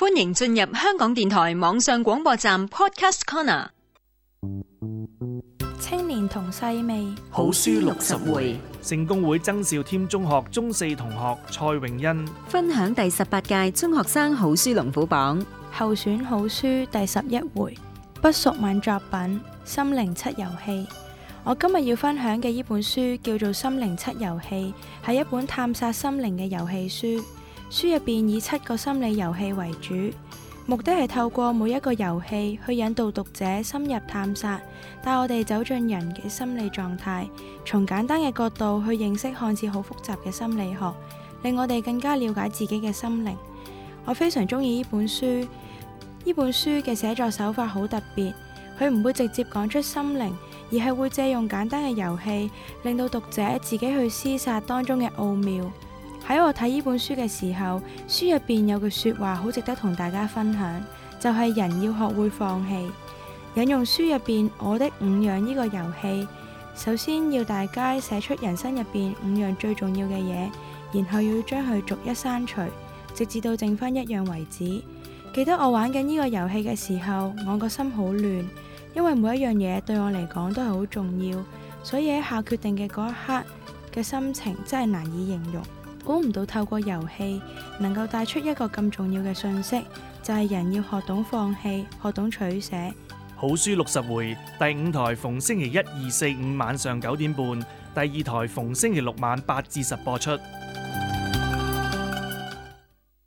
歡迎進入香港電台網上廣播站 Podcast Corner。青年同細味好書六十回，回聖公會曾肇添中學中四同學蔡穎欣分享第十八屆中學生好書龍虎榜候選好書第十一回畢淑敏作品《心靈七遊戲》。我今日要分享嘅呢本書叫做《心靈七遊戲》，係一本探索心靈嘅遊戲書。書入邊以七個心理遊戲為主，目的係透過每一個遊戲去引導讀者深入探索，帶我哋走進人嘅心理狀態，從簡單嘅角度去認識看似好複雜嘅心理學，令我哋更加了解自己嘅心靈。我非常中意呢本書，呢本書嘅寫作手法好特別，佢唔會直接講出心靈，而係會借用簡單嘅遊戲，令到讀者自己去思殺當中嘅奧妙。喺我睇呢本書嘅時候，書入邊有句說話好值得同大家分享，就係人要學會放棄。引用書入邊我的五樣呢個遊戲，首先要大家寫出人生入邊五樣最重要嘅嘢，然後要將佢逐一刪除，直至到剩翻一樣為止。記得我玩緊呢個遊戲嘅時候，我個心好亂，因為每一樣嘢對我嚟講都係好重要，所以喺下決定嘅嗰一刻嘅心情真係難以形容。估唔到透過遊戲能夠帶出一個咁重要嘅信息，就係人要學懂放棄，學懂取捨。好書六十回第五台逢星期一、二、四、五晚上九點半，第二台逢星期六晚八至十播出。